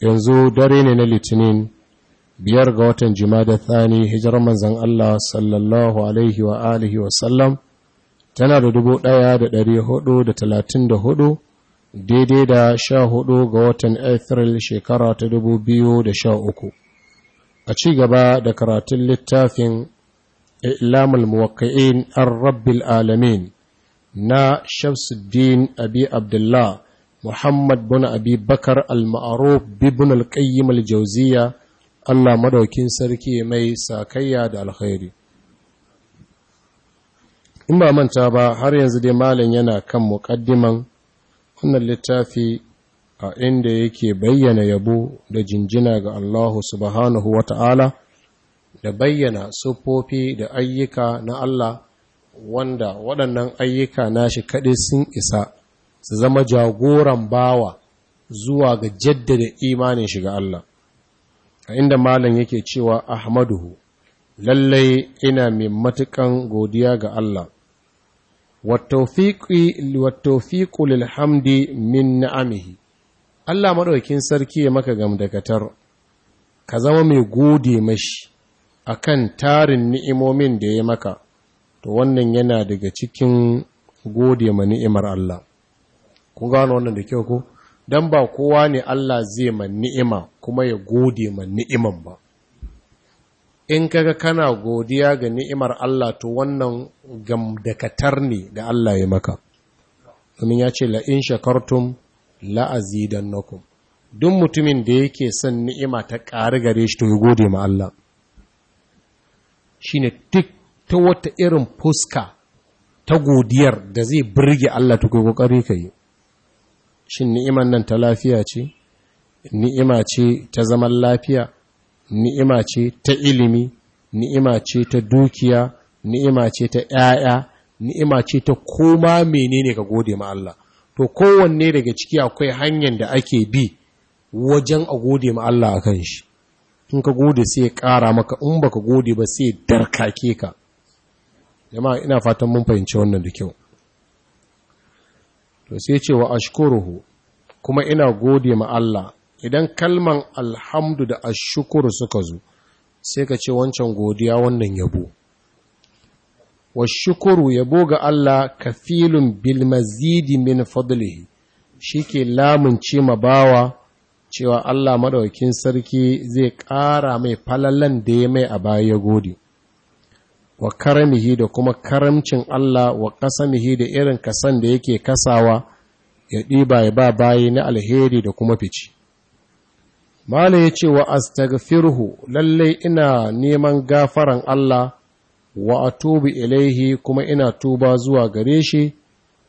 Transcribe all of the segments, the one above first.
yanzu dare ne na litinin biyar ga watan da thani hijirar manzan Allah sallallahu alaihi wa alihi wa tana da dubu ɗaya da dari hudu da talatin da hudu daidai da sha hudu ga watan Afril shekara ta dubu biyu da sha uku a ci gaba da karatun littafin ilamul muwakka'in an rabbil alamin na shamsuddin abi abdullah Muhammad bin Abi Bakar al-Ma'ruf bin al-Qayyim al-Jawziya Allah madaukin sarki mai sakayya da alkhairi in ba manta ba har yanzu dai malam yana kan muqaddiman wannan littafi a inda yake bayyana yabo da jinjina ga Allah subhanahu wata'ala da bayyana siffofi da ayyuka na Allah wanda waɗannan ayyuka nashi kaɗai sun isa su zama jagoran bawa zuwa ga jaddada imanin shiga Allah a inda malam yake cewa ahmaduhu lallai ina mai matukan godiya ga Allah wattaufiqu lilhamdi min na'amihi Allah maɗaukin sarki ya maka gamdakatar ka zama mai gode mashi akan tarin ni'imomin da ya maka to wannan yana daga cikin gode ma ni'imar Allah Ku gano wannan da kyau ko dan ba kowa ne Allah zai ma ni'ima kuma ya gode ma ni'iman ba in kaga kana godiya ga ni'imar Allah to wannan gamdakatar ne da Allah ya maka domin ya ce la in shakartum la azidannakum duk mutumin da yake son ni'ima ta ƙari gare shi to ya gode ma Allah shine duk ta wata irin fuska ta godiyar da zai burge Allah to kai kokari kai shin ni'iman nan ta lafiya ce ni'ima ce ta zaman lafiya ni'ima ce ta ilimi ni'ima ce ta dukiya ni'ima ce ta 'ya'ya? ni'ima ce ta koma menene ka gode ma Allah to kowanne daga ciki akwai hanyar da ake bi wajen a gode ma Allah a kan shi in ka gode sai ya ƙara maka in baka gode ba sai ya darkake ka jama'a ina fatan mun fahimci wannan da kyau to sai ce wa ashkuruhu kuma ina gode ma Allah idan kalman alhamdu da ashkuru suka zo sai ka ce wancan godiya wannan yabo wa shukuru yabo ga Allah kafilun bil mazidi min fadlihi shike ce ma bawa cewa Allah maɗaukin sarki zai ƙara mai falalan da ya mai a baya gode wa karamihi da kuma karamcin Allah wa kasamihi da irin kasan da yake kasawa ya ɗiba ya ba bayi na alheri da kuma fici. Mala ya ce wa astaghfirhu lallai ina neman gafaran Allah wa a tubi ilaihi kuma ina tuba zuwa gare shi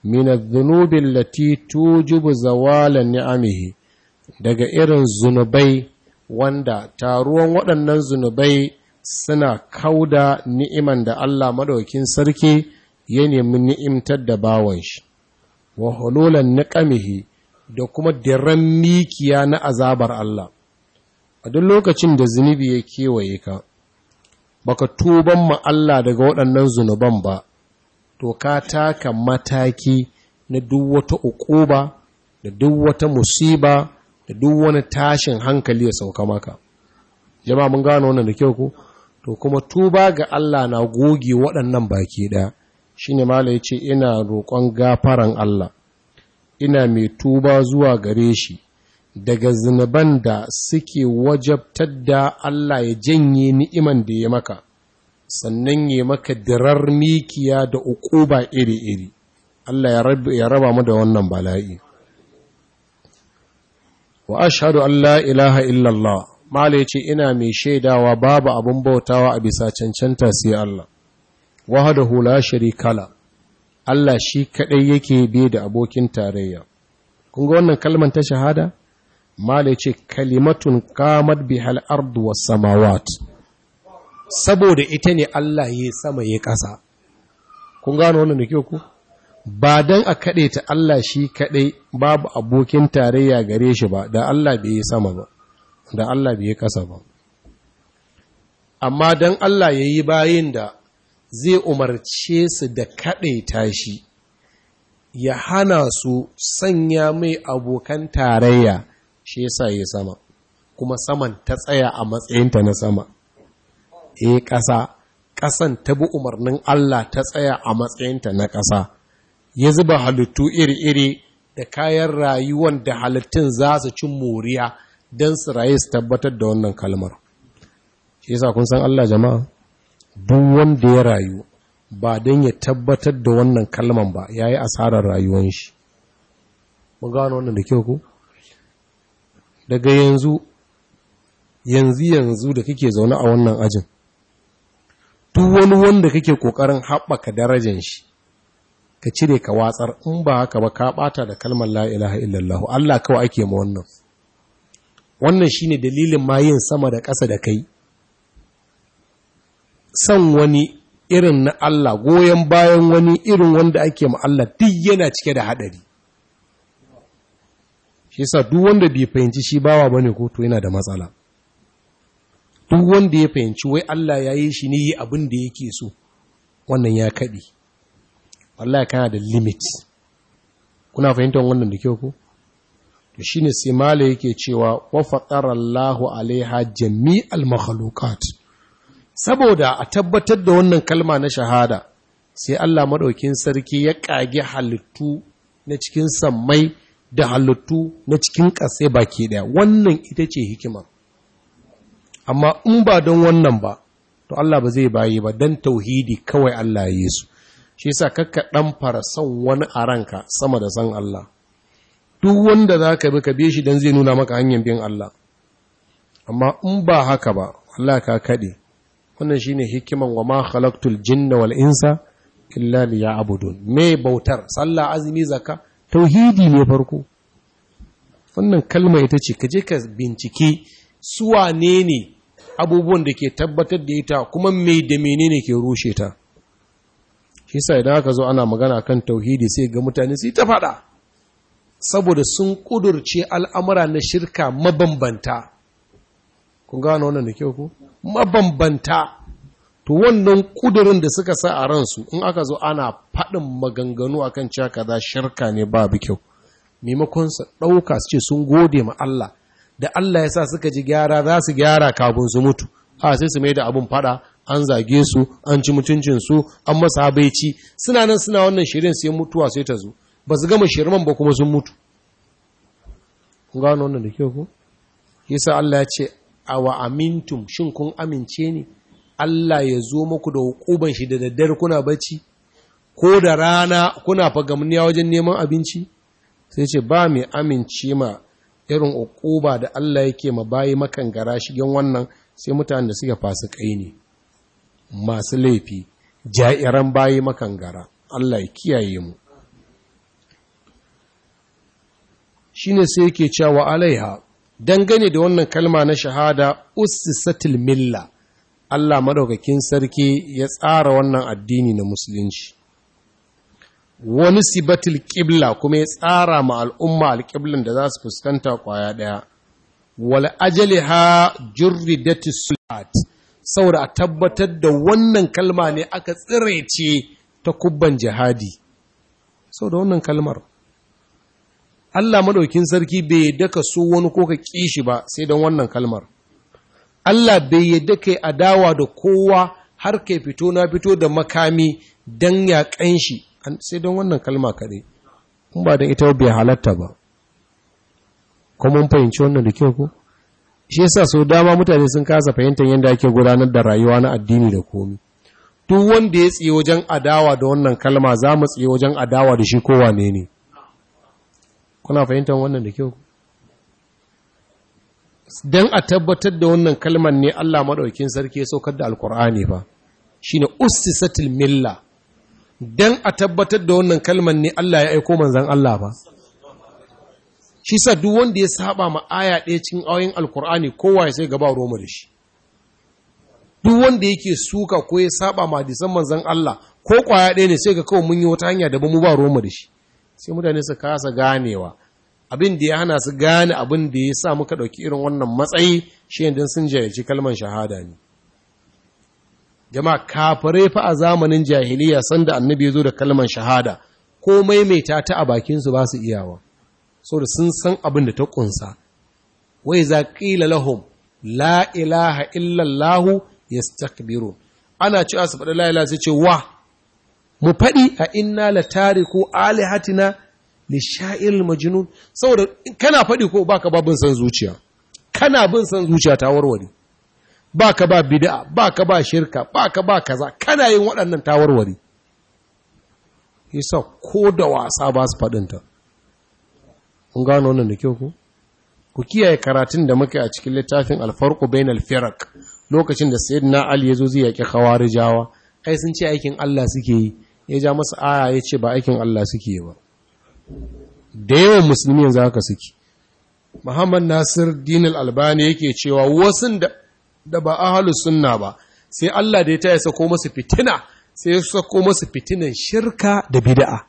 min zunubin dhunubin lati tujibu zawalan ni'amihi daga irin zunubai wanda taruwan waɗannan zunubai suna kauda ni'iman da Allah maɗaukin sarki ya nemi ni'imtar da bawan shi wa na niqamihi da kuma diran mikiya na azabar Allah a duk lokacin da zunubi ya kewaye ka baka tuban ma Allah daga waɗannan zunuban ba to ka taka mataki na duk wata uquba da duk wata musiba da duk wani tashin hankali ya sauka maka jama'a mun gano wannan da kyau ko to kuma tuba ga Allah na goge waɗannan baki ɗaya shi ne mala ya ce ina roƙon gafaran Allah ina mai tuba zuwa gare shi daga zinaban da suke wajabtar da Allah ya janye ni'iman da ya maka sannan ya maka dirar mikiya da uquba iri-iri Allah ya raba mu da wannan bala'i wa ashhadu an ilaha illallah mala ya ce ina mai shaidawa babu abin bautawa a bisa cancanta sai Allah wahada hula kala. Allah shi kaɗai yake bi da abokin tarayya kun ga wannan kalmar ta shahada malai ce kalimatun qamat bihal ardu was samawat saboda ita ne Allah ya sama ya kasa. kun gano wannan da ku ba dan a kade ta Allah shi kaɗai babu abokin tarayya gare shi ba da Allah bai yi sama ba da Allah bai kasa ba amma don Allah ya yi bayin da zai umarce su da kaɗaita shi ya hana su sanya mai abokan tarayya shi sa ya sama kuma saman ta tsaya a matsayinta na sama eh ƙasa ƙasan ta bi umarnin Allah ta tsaya a matsayinta na ƙasa ya zuba halittu iri-iri da kayan rayuwan da halittun za su cin moriya don su su tabbatar da wannan kalmar shi yasa kun san Allah jama'a duk wanda ya rayu ba don ya tabbatar da wannan kalmar ba yayi asarar rayuwar shi mun gano wannan da kyau ko daga yanzu yanzu yanzu da kake zaune a wannan ajin duk wani wanda kake kokarin haɓaka darajar shi ka cire ka watsar in ba haka ba ka bata da kalmar la ilaha illallah Allah kawai ake ma wannan wannan shine dalilin ma yin sama da ƙasa da kai san wani irin na Allah goyon bayan wani irin wanda ake ma Allah duk yana cike da haɗari shi sa duk wanda bai fahimci shi bawa ne ko to yana da matsala duk wanda ya fahimci wai Allah ya yi shi ne yi abin da yake so wannan ya kaɗi ya kana da limit kuna fahimtar wannan da kyau ko shi ne simala yake cewa wafaƙarallahu alaiha al-makhalukat saboda a tabbatar da wannan kalma na shahada sai Allah maɗaukin sarki ya ƙage halittu na cikin sammai da halittu na cikin ƙasai baki ɗaya wannan ita ce hikima. amma in ba don wannan ba to Allah ba zai bayi ba don tauhidi kawai Allah ya yi su shi sa kakka ɗan fara son wani a ranka sama da san Allah duk wanda za ka bi ka bi shi don zai nuna maka hanyar bin Allah amma in ba haka ba Allah ka kaɗe wannan shi ne hikiman wa ma halaktul jinna wal insa illa abudu me bautar sallah azumi zakka tauhidi ne farko wannan kalma ita ce ka je ka bincike su wane ne abubuwan da ke tabbatar da ita kuma mai da menene ke rushe ta shi idan aka zo ana magana kan tauhidi sai ga mutane sai ta faɗa saboda sun kudurce al'amura na shirka mabambanta kun gano wannan da kyau ku mabambanta to wannan kudurin da suka sa a ransu in aka zo ana faɗin maganganu akan cewa kaza shirka ne babu kyau maimakon ɗauka su ce sun gode ma Allah da Allah ya sa suka ji gyara za su gyara kafin su mutu a sai su mai da abin faɗa an zage su an ci mutuncinsu an masa habaici suna nan suna wannan shirin sai mutuwa sai ta zo ba su gama shirman ba kuma sun mutu kun gano wannan da kyau ko yasa Allah ya ce awa amintum shin kun amince ni? Allah ya zo muku da hukuban shi da daddare kuna bacci ko da rana kuna fagamniya wajen neman abinci sai ce ba mai amince ma irin hukuba da Allah yake ma bayi makan gara shigen wannan sai mutane da suke kai ne masu laifi ja'iran bayi makan gara Allah ya kiyaye mu shine sai yake cewa alaiha dangane da wannan kalma na shahada ussisatil milla Allah madaukakin sarki ya tsara wannan addini na musulunci wani sibatil qibla kuma ya tsara ma al'umma alqiblan da za su fuskanta kwaya daya wal ajliha jurridatis sulat saboda a tabbatar da wannan kalma ne aka tsirece ta kubban jihadi saboda wannan kalmar Allah madaukin sarki bai yadda ka so wani ko ka kishi ba sai don wannan kalmar Allah bai yadda kai adawa da kowa har kai fito na fito da makami don ya kanshi. sai don wannan kalma kaɗai Kun ba da ita bai halatta ba kuma fahimci wannan da kyau ko shi yasa sau dama mutane sun kasa fahimtar yadda ake gudanar da rayuwa na addini da komi duk wanda ya tsaye wajen adawa da wannan kalma za mu tsaye wajen adawa da shi kowane ne kuna fahimtar wannan da kyau don a tabbatar da wannan kalmar ne Allah maɗaukin sarki ya saukar da alkur'ani ba ne ustisatil milla don a tabbatar da wannan kalmar ne Allah ya aiko manzan Allah ba shi sa duk wanda ya saba ma aya ɗaya cikin ayoyin alkur'ani kowa ya sai gaba roma da shi duk wanda yake suka ko ya saba ma hadisan manzan Allah ko kwaya ɗaya ne sai ga kawai mun yi wata hanya da ba mu ba roma da shi sai mutane su kasa ganewa abin da ya hana su gane abin da ya sa muka ɗauki irin wannan matsayi shi yadda sun jayyaci kalmar shahada ne jama'a kafare fa a zamanin jahiliya sanda annabi ya zo da kalmar shahada ko maimaita ta a bakinsu ba su iyawa saboda sun san abin da ta ƙunsa wai za ƙila lahum la ilaha illallahu yastakbiru ana cewa su faɗi la ilaha sai ce wa mu faɗi a inna la tariku alihatina li sha'il majnun saboda kana faɗi ko baka ba bin san zuciya kana bin san zuciya ta warware baka ba bid'a baka ba shirka baka ba kaza kana yin waɗannan ta warware yasa ko da wasa ba su faɗinta kun gano wannan da kyau ko ku kiyaye karatun da muke a cikin littafin alfarku bainal firak lokacin da sayyidina ali yazo zai yaki khawarijawa ai sun ce aikin Allah suke yi ya ja masa aya ya ce ba aikin Allah suke ba da yawan musulmi yanzu haka suke Muhammad Nasir dinar Albani yake cewa wasu da ba ahlus sunna ba sai Allah da ya ta sako masu fitina sai ya sako masu fitinan shirka da bida'a.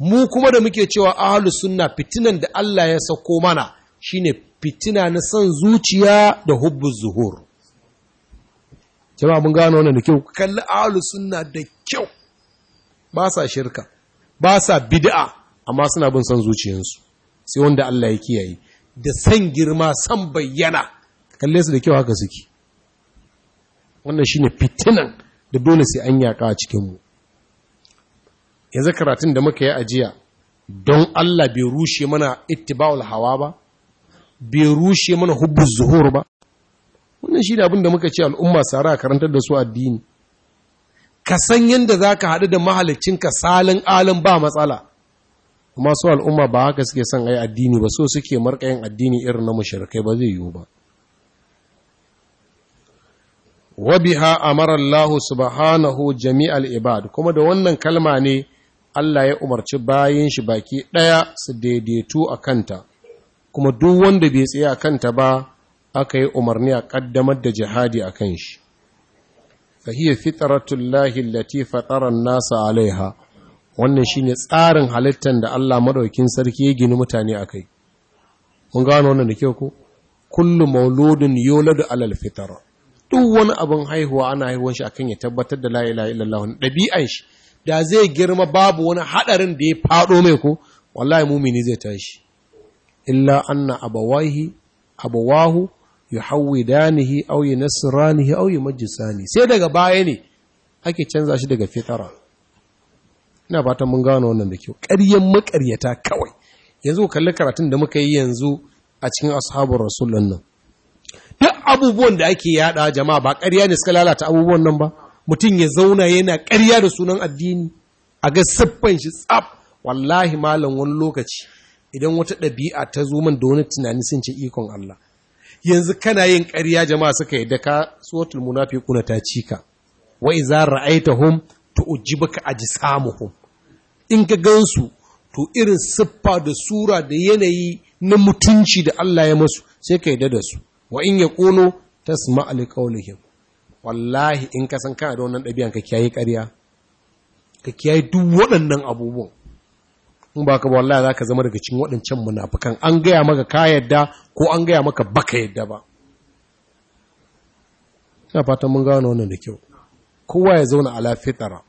mu kuma da muke cewa ahlus sunna fitinan da Allah ya sako mana shine fitina na san zuciya da hubbu zuhur jama'a mun gano wannan da kyau kalli ahlus sunna da kyau ba sa shirka ba sa bid'a amma suna bin son zuciyarsu sai wanda Allah ya kiyaye da san girma san bayyana kalle su da kyau haka suke wannan shine fitinan da dole sai an yaka a cikin mu yanzu karatun da muka yi ajiya don Allah bai rushe mana ittiba'ul hawa ba bai rushe mana hubbu zuhur ba wannan shi da abin da muka ce al'umma sara karantar da su addini ka san yadda za ka haɗu da ka salin alin ba matsala kuma su al'umma ba haka suke son ai addini ba so suke markayin addini irin na mashirkai ba zai yiwu ba wabiha amara Allah subhanahu jami'al ibad kuma da wannan kalma ne Allah ya umarci bayan shi baki ɗaya su daidaitu a kanta kuma duk wanda bai tsaye a kanta ba aka yi umarni a ƙaddamar da jihadi a kan shi fahiyar fitaratun lahi latifa tsaron nasa alaiha wannan shi ne tsarin halittar da allah maɗaukin sarki ya gini mutane a kai mun gano wannan da kyau ko Kullum mauludin yoladu alal fitar. duk wani abin haihuwa ana haihuwan shi akan ya tabbatar da la ilaha shi da zai girma babu wani haɗarin da ya faɗo mai ko wallahi mumini zai tashi illa anna abawahi abawahu yuhawwidanihi aw yunasranihi aw yumajjisani sai daga baya ne ake canza shi daga fitara ina fatan mun gano wannan da kyau ƙaryan maƙaryata kawai yanzu kalli karatun da muka yi yanzu a cikin ashabar rasulun nan duk abubuwan da ake yada jama'a ba ƙarya ne suka lalata abubuwan nan ba mutum ya zauna yana ƙarya da sunan addini a ga siffan shi tsaf wallahi malam wani lokaci idan wata ɗabi'a ta zo min da wani tunani sun ce ikon Allah yanzu kana yin ƙarya jama'a suka yadda ka suratul munafiquna ta cika wa idza ra'aitahum tu'jibuka ajsamuhum in ka gansu to irin siffa da sura da yanayi na mutunci da Allah ya masu sai ka yadda da su wa in yaqulu tasma' liqawlihim wallahi in ka san kana da wannan ɗabi'an ka kiyaye ƙarya ka kiyaye duk waɗannan abubuwan in ba ka ba wallahi za ka zama daga cikin waɗancan munafukan an gaya maka ka yadda ko an gaya maka baka yadda ba ina fatan mun gano wannan da kyau kowa ya zauna ala fitara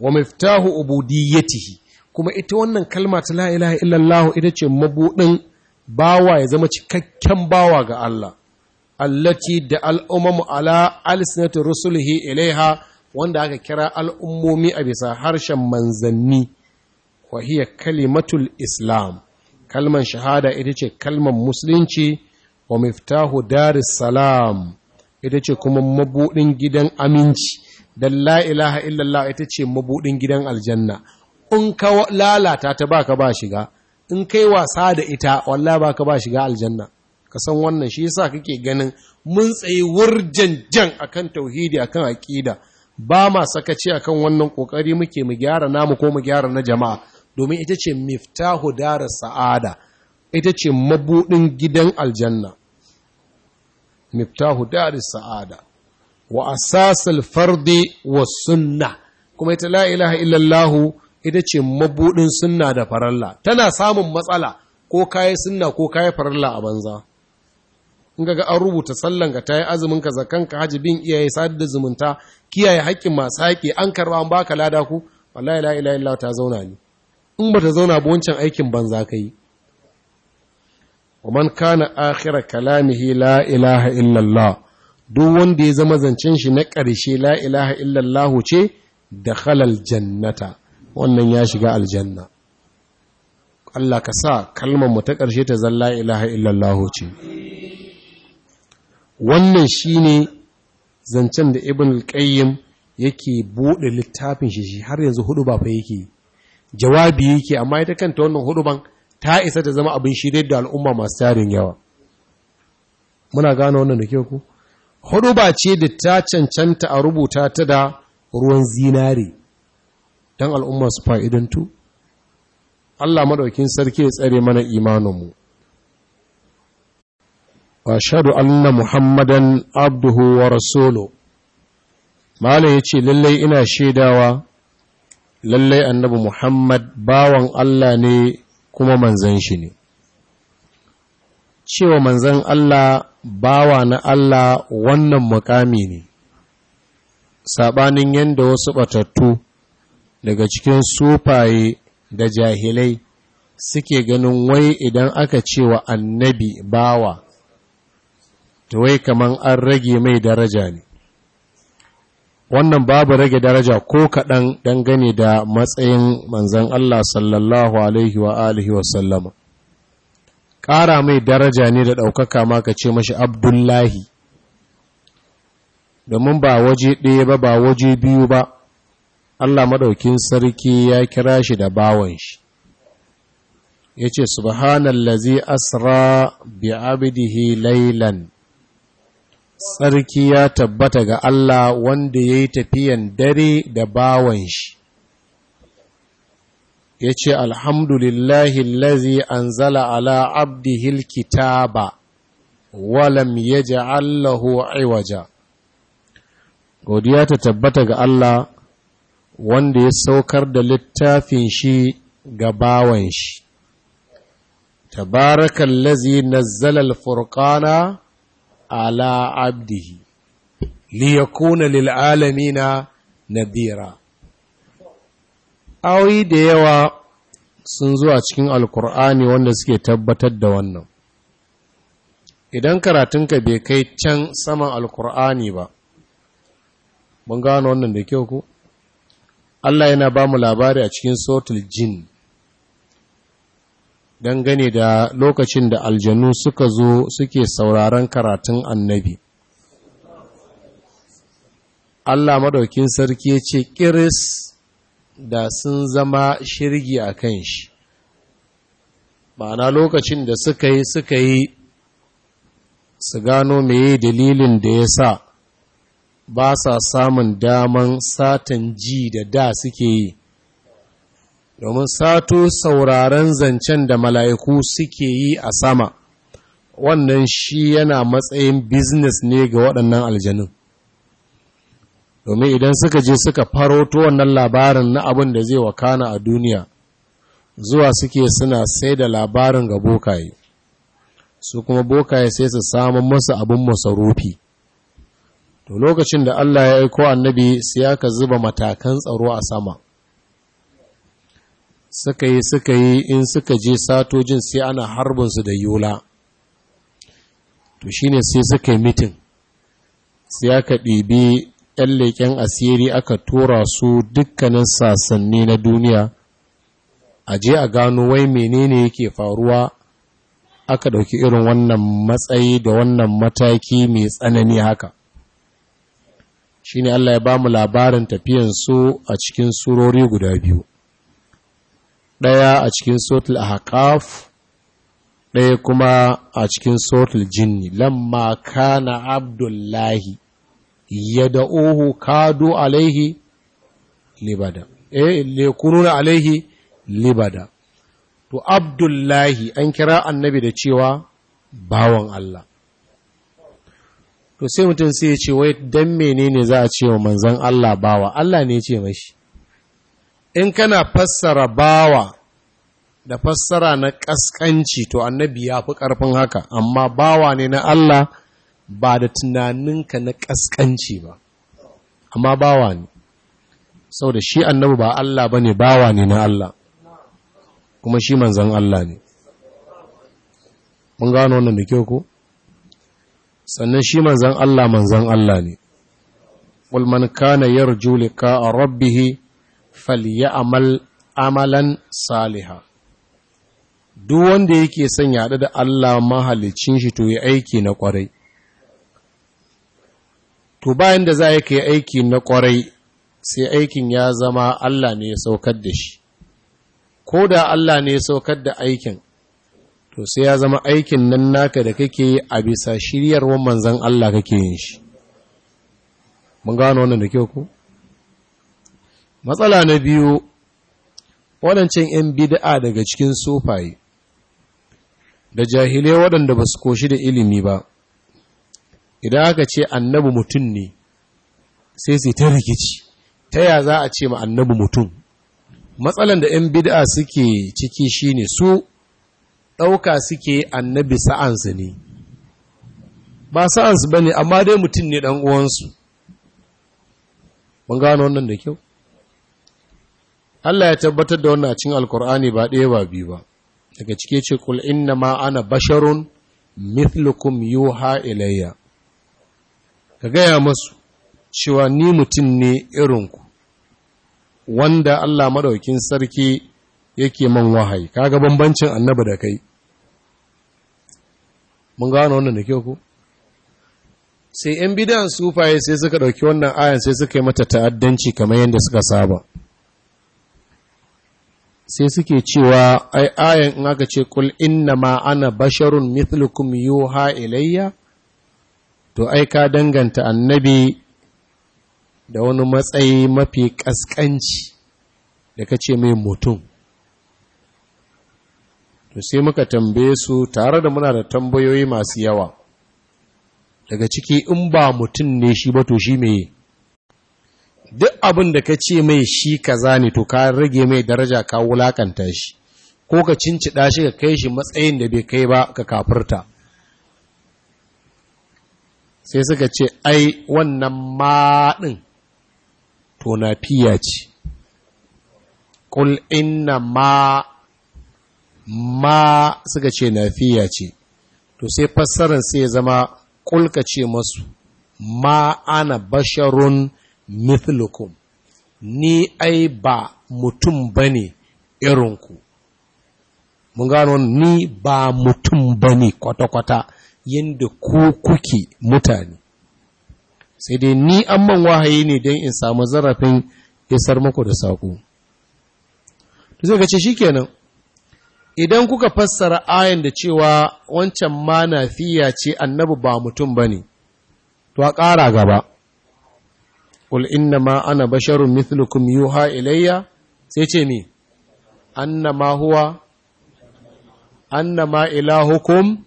wa miftahu ubudiyyatihi kuma ita wannan kalma ta la ilaha illallah ita ce mabudin bawa ya zama cikakken bawa ga Allah allati da al'umamu ala alsinatu rusulihi ilaiha wanda aka kira al'ummomi a bisa harshen manzanni wa hiya kalimatul islam kalman shahada ita ce kalman musulunci wa miftahu daris salam ita ce kuma mabudin gidan aminci don la illallah ita ce mabudin gidan aljanna in ka lalata ta baka ba shiga in kai wasa da ita walla baka ba shiga aljanna ka san wannan shi yasa kake ganin mun tsaye wurjan jan akan tauhidi akan aqida ba ma sakaci kan wannan kokari muke mu gyara namu ko mu gyara na jama'a domin ita ce miftahu daras sa'ada ita ce mabudin gidan aljanna miftahu daris sa'ada wa asasal fardi wa sunna kuma ita la ilaha illallah ita ce mabudin sunna da faralla tana samun matsala ko kai sunna ko kayi faralla a banza in ga an rubuta sallan ka yi azumin ka zakan ka haji bin iyaye da zumunta kiyaye haƙƙin masu haƙƙi an karba an baka lada ku wallahi la ilaha illallah ta zauna ne in bata zauna ba wancan aikin banza kai wa man kana akhira kalamihi la ilaha illallah duk wanda ya zama zancen shi na ƙarshe la ilaha illallah ce da khalal jannata wannan ya shiga aljanna Allah ka sa kalmar mu ta ƙarshe ta zalla ilaha illallah ce wannan shine zancen da ibn al-qayyim yake buɗe littafin shi har yanzu hudu ba fa yake jawabi yake amma ita kanta wannan hudu ban ta isa ta zama abin shirye da al'umma masu tarin yawa muna gane wannan da ke ku hudu ba ce da ta cancanta a rubuta ta da ruwan zinare don al'umma su fa'idantu Allah maɗaukin sarki ya tsare mana imaninmu واشهد ان محمدا عبده ورسوله malai ya ce lallai ina shaidawa lallai annabi muhammad bawan allah ne kuma manzan shi ne cewa manzan allah bawa na allah wannan mukami ne saɓanin yadda wasu ɓatattu daga cikin sufaye da jahilai suke ganin wai idan aka cewa annabi bawa to wai kaman an rage mai daraja ne wannan babu rage daraja ko kaɗan dangane da matsayin manzan Allah sallallahu alaihi wa alihi wa ƙara mai daraja ne da ɗaukaka ma ka ce mashi abdullahi domin ba waje ɗaya ba ba waje biyu ba Allah maɗaukin sarki ya kira shi da bawon shi ya ce subhanallazi asra bi abidihi laylan sarki ya tabbata ga Allah wanda ya yi tafiyan dare da bawan shi ya ce alhamdulillahi lazi an zala ala abdihil kitaba walam ya Allahu aiwaja godiya ta tabbata ga Allah wanda ya saukar da littafin shi ga bawan shi tabarakan lazi nazzala furkana? ala abdihi liyakuna lil'alamina nabira awi da yawa sun zuwa cikin alkur'ani wanda suke tabbatar da wannan idan karatunka bai kai can saman alkur'ani ba mun gano wannan da kyau ku Allah yana ba mu labari a cikin sotul jin dangane da lokacin da aljanu suka zo suke sauraron karatun annabi Allah madaukin sarki ce kiris da sun zama shirgi a kan shi ma'ana lokacin da suka yi suka yi su gano meye dalilin da ya sa ba sa samun daman satan ji da da suke yi domin sato sauraren zancen da mala'iku suke yi a sama wannan shi yana matsayin biznes ne ga waɗannan aljanun domin idan suka je suka faroto wannan labarin na abin da zai wakana a duniya zuwa suke suna sai da labarin ga bokaye su kuma bokaye sai su samun masu abin masarufi to lokacin da Allah ya aiko annabi sai ka zuba matakan tsaro a sama suka yi suka yi in suka je satojin sai ana harbinsu da yola to shine sai suka yi mitin sai aka ɗibi ‘yan leƙen asiri aka tura su dukkanin sasanni na duniya a je a gano wai menene yake faruwa aka ɗauki irin wannan matsayi da wannan mataki mai tsanani haka shine Allah ya ba mu labarin su a cikin surori guda biyu ɗaya a cikin sotul ahqaf ɗaya kuma a cikin sotul jinni lamma kana abdullahi yad'uhu kadu alaihi libada eh na alaihi libada to abdullahi an kira annabi da cewa bawan Allah to sai mutum sai ya ce wai dan menene za a ce wa manzon Allah bawa Allah ne ya ce mashi in kana fassara bawa da fassara na ƙasƙanci to annabi ya fi ƙarfin haka amma bawa ne na Allah ba da tunaninka na ƙasƙanci ba amma bawa ne sau da shi annabi ba Allah ba ne bawa ne na Allah kuma shi manzan Allah ne mun gano wannan da kyau ko sannan shi manzan Allah manzan Allah ne ƙulmanka na كان يرجو a rabbihi Falya amalan saliha duk wanda yake son yaɗa da Allah mahalicin shi to yi aiki na ƙwarai, to bayan da za ka yi aiki na ƙwarai, sai aikin ya zama Allah ne ya saukar da shi ko da Allah ne ya saukar da aikin to sai ya zama aikin nan naka da kake yi a bisa shiryarwar manzan Allah kake yin shi mun gano wannan da kyau ku. matsala na biyu waɗancan 'yan bid'a daga cikin sufaye da jahilai waɗanda ba su koshi da ilimi ba idan aka ce annabi mutum ne sai sai ta rikici ta ya za a ce ma annabi mutum matsalan da 'yan bid'a suke ciki shine su ɗauka suke annabi sa'ansu ne ba sa'ansu ba ne amma dai mutum ne ɗan uwansu ban gano wannan da kyau Allah ya tabbatar da wannan cin alkur'ani ba ɗaya ba biyu ba daga cike ce kul inna ma ana basharun mithlukum yuha ilayya ka gaya masu cewa ni mutum ne irinku wanda Allah maɗaukin sarki yake man wahayi kaga bambancin annaba da kai mun gano wannan da kyau ku. sai yan bidan sufaye sai suka ɗauki wannan ayan sai suka yi mata ta'addanci kamar yadda suka saba sai suke cewa ai ayan in aka ce kul inna ma ana basharun mithlukum yuha ilayya to ai ka danganta annabi da wani matsayi mafi kaskanci da kace ce mai mutum to sai muka tambaye su tare da muna da tambayoyi masu yawa daga ciki in ba mutum ne shi ba to shi mai duk abin da ka ce mai shi kaza ne to ka rage mai daraja ka wulakanta shi ko ka cincida shi ka kai shi matsayin da bai kai ba ka kafirta sai suka ce ai wannan maɗin to na fiya ce ƙul inna ma ma suka ce na fiya ce to sai fassarar sai ya zama ƙulka ce masu ma ana basharun mithlukum ni ai ba mutum bane irinku mun gano ni ba mutum bane kwata-kwata yadda ku kuke mutane sai dai ni an man wahayi ne don in samu zarafin isar muku da saƙo. To zai gace shi kenan, idan kuka fassara ayan da cewa wancan ma na fiya ce annabi ba mutum bane, ne, to a ƙara gaba. qul innama ana basharun mithlukum yuha ilayya sai ce mi annama huwa annama ilahukum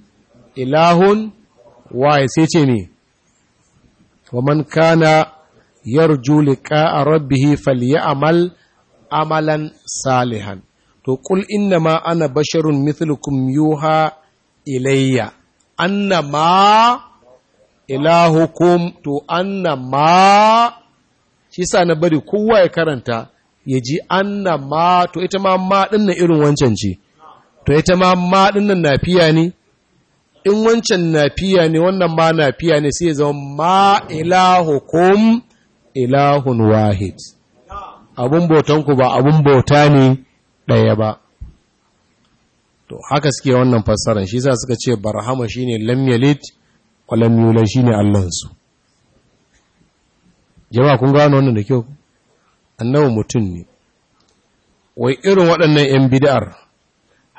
ilahun waye sai ce mi waman kana yarju liqa'a rabbih falyamal amalan salihan to qul innama ana basharun mithlukum yuha ilayya annama ilahukum to annama shi sa na bari kowa ya karanta ya ji anna ma to ita ma ma dinnan irin wancan ce to ita ma ma na nafiya ne in wancan nafiya ne wannan ma nafiya ne sai ya zama ma ilahukum ilahun wahid abun bautanku ba abun bauta ne ɗaya ba to haka suke wannan fassara shi sa suka ce barhama shine lam yalid wa lam yulad shine allansu jama'a kun gano wannan da kyau annabi mutum ne wai irin waɗannan 'yan bid'ar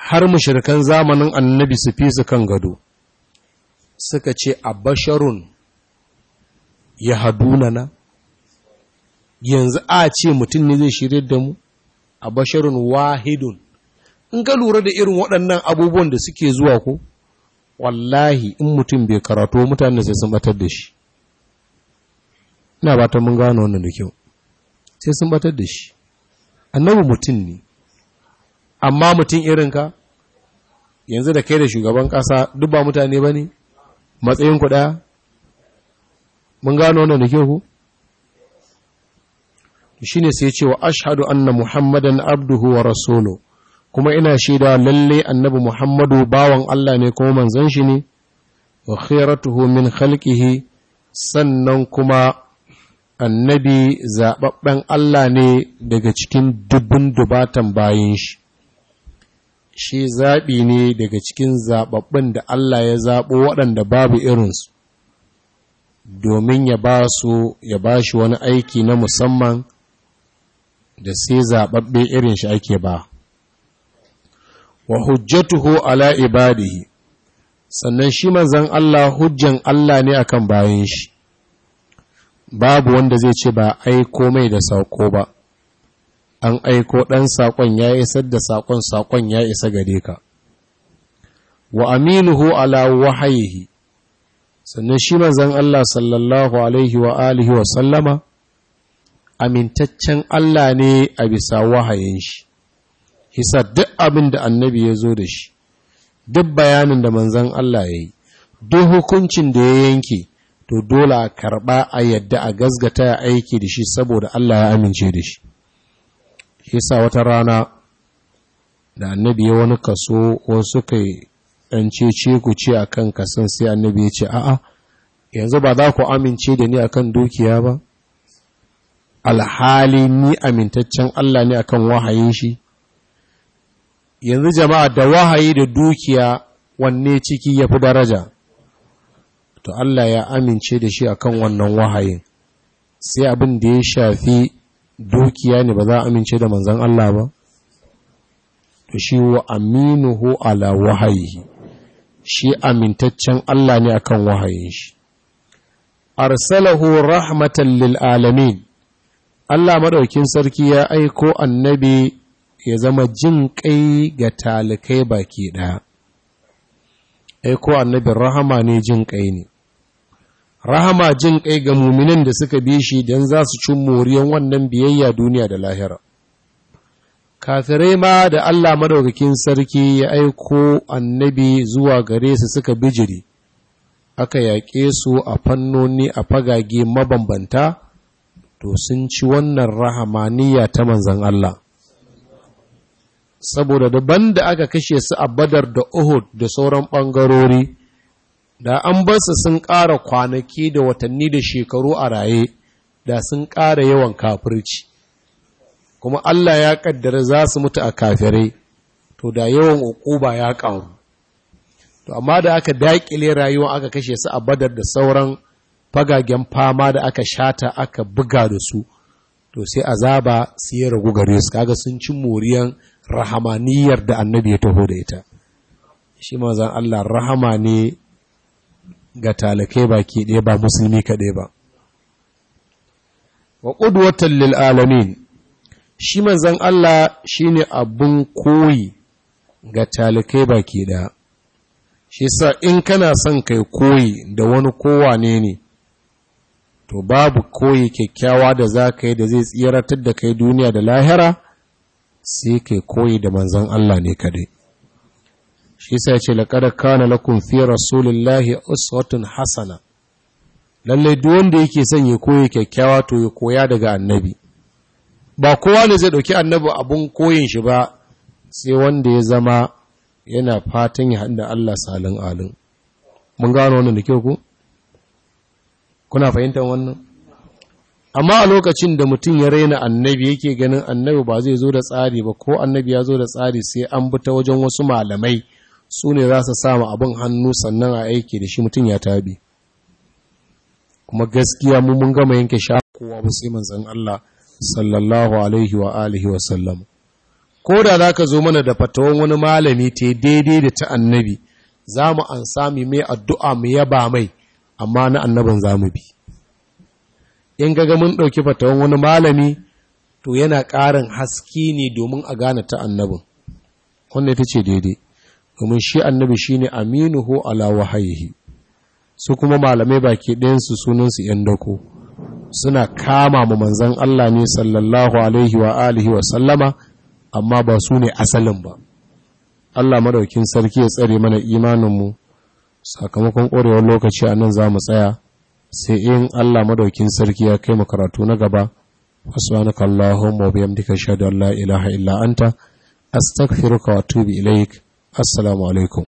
har mushrikan zamanin annabi su fi su kan gado suka ce abasharun ya haduna na yanzu a ce mutum ne zai shirye da mu abasharun wahidun in ka lura da irin waɗannan abubuwan da suke zuwa ko wallahi in mutum bai karato mutane sai sun batar da shi ina ba ta mun gano wannan da kyau sai sun batar da shi annabi mutum ne amma mutum irinka yanzu da kai da shugaban ƙasa duk ba mutane ba ne matsayin ku ɗaya mun gano wannan da kyau ku shi ne sai ce wa ashadu anna muhammadan abduhu wa rasulu kuma ina shaida lalle annabi muhammadu bawan Allah ne kuma manzon shi ne wa tuhumin min khalqihi sannan kuma annabi zaɓaɓɓen Allah ne daga cikin dubun dubatan bayan shi shi zaɓi ne daga cikin zaɓaɓɓen da Allah ya zaɓo waɗanda babu irinsu domin ya ba su ya ba shi wani aiki na musamman da sai zaɓaɓɓe irin shi ake ba wa hujjatuhu ala ibadihi sannan shi manzan Allah hujjan Allah ne akan bayan shi babu wanda zai ce ba aiko mai da saƙo ba an aiko ɗan saƙon ya isa da saƙon saƙon ya isa gare ka wa aminuhu ala wahayihi sannan shi zan Allah sallallahu alaihi wa alihi wa sallama amintaccen Allah ne a bisa wahayin shi hisa duk abin da annabi ya zo da shi duk bayanin da manzon Allah ya yi duk hukuncin da ya yanke to dole a karɓa a yadda a gazgata ya aiki da shi saboda Allah ya amince da shi yasa wata rana da annabi ya wani kaso wasu kai ɗan cece ku ce a kan kasan sai annabi ya ce a'a yanzu ba za ku amince da ni a kan dukiya ba alhali ni amintaccen Allah ne akan wahayin shi yanzu jama'a da wahayi da dukiya wanne ciki ya fi daraja to Allah ya amince da shi akan wannan wahayin sai abin da ya shafi dukiya ne ba za a amince da manzan Allah ba to shi wa aminuhu ala wahayi shi amintaccen Allah ne akan wahayin shi arsalahu rahmatan lil alamin Allah madaukin sarki ya aiko annabi ya zama jin kai ga talikai baki daya aiko annabi rahama ne jin kai ne rahama jin kai ga muminan da suka bi shi don za su cin moriyan wannan biyayya duniya da lahira kafirai ma da Allah madaukakin sarki ya aiko annabi zuwa gare su suka bijiri aka yaƙe su a fannoni a fagage mabambanta to sun ci wannan rahamaniya ta manzan Allah saboda daban da aka kashe su a badar da uhud da sauran ɓangarori da an barsa sun ƙara kwanaki da watanni da shekaru a raye da sun ƙara yawan kafirci kuma Allah ya ƙaddara za su mutu a kafirai to da yawan uquba ya ƙaru to amma da aka daƙile rayuwa aka kashe su a badar da sauran fagagen fama da aka shata aka buga da su to sai azaba su yi ragu gare su kaga sun cin moriyan rahamaniyar da annabi ya taho da ita shi manzon Allah rahama ne ga talakai baki ɗaya ba musulmi kaɗai ba wa watan lil'alamin shi manzan Allah shi ne abin koyi ga talikai baki ɗaya shi sa in kana son kai koyi da wani kowane ne to babu koyi kyakkyawa da za ka yi da zai tsiratar da kai duniya da lahira sai kai koyi da manzan Allah ne kaɗai. shi sai ce laqad kana lakum fi rasulillahi uswatun hasana lalle duk wanda yake son ya koyi kyakkyawa to ya koya daga annabi ba kowa ne zai ɗauki annabi abun koyin shi ba sai wanda ya zama yana fatan ya hada Allah salin alin mun gano wannan da kyau ku kuna fahimtar wannan amma a lokacin da mutum ya raina annabi yake ganin annabi ba zai zo da tsari ba ko annabi ya zo da tsari sai an bi ta wajen wasu malamai su ne za su samu abin hannu sannan a aiki da shi mutum ya tabi kuma gaskiya mu mun gama yanke kowa ba sai manzon Allah sallallahu alaihi wa alihi wa sallam ko da za ka zo mana da fatawan wani malami ta yi daidai da ta annabi za mu an sami mai addu'a mu yaba mai amma na annabin za mu bi in gaga mun ɗauki fatawan wani malami to yana ƙarin haski ne domin a gane ta annabin wanda ta ce daidai domin shi annabi shine aminuhu ala wahayihi su kuma malamai baki ɗayansu sunansu ‘yan dako suna kama ma manzan Allah ne sallallahu alaihi wa alihi wa sallama amma ba su ne asalin ba Allah madaukin sarki ya tsare mana imaninmu sakamakon ƙorewar lokaci a nan za mu tsaya sai in Allah madaukin sarki ya kai mu karatu na gaba subhanakallahumma wa bihamdika ashhadu an la ilaha illa anta astaghfiruka wa atubu ilaik assalamu alaikum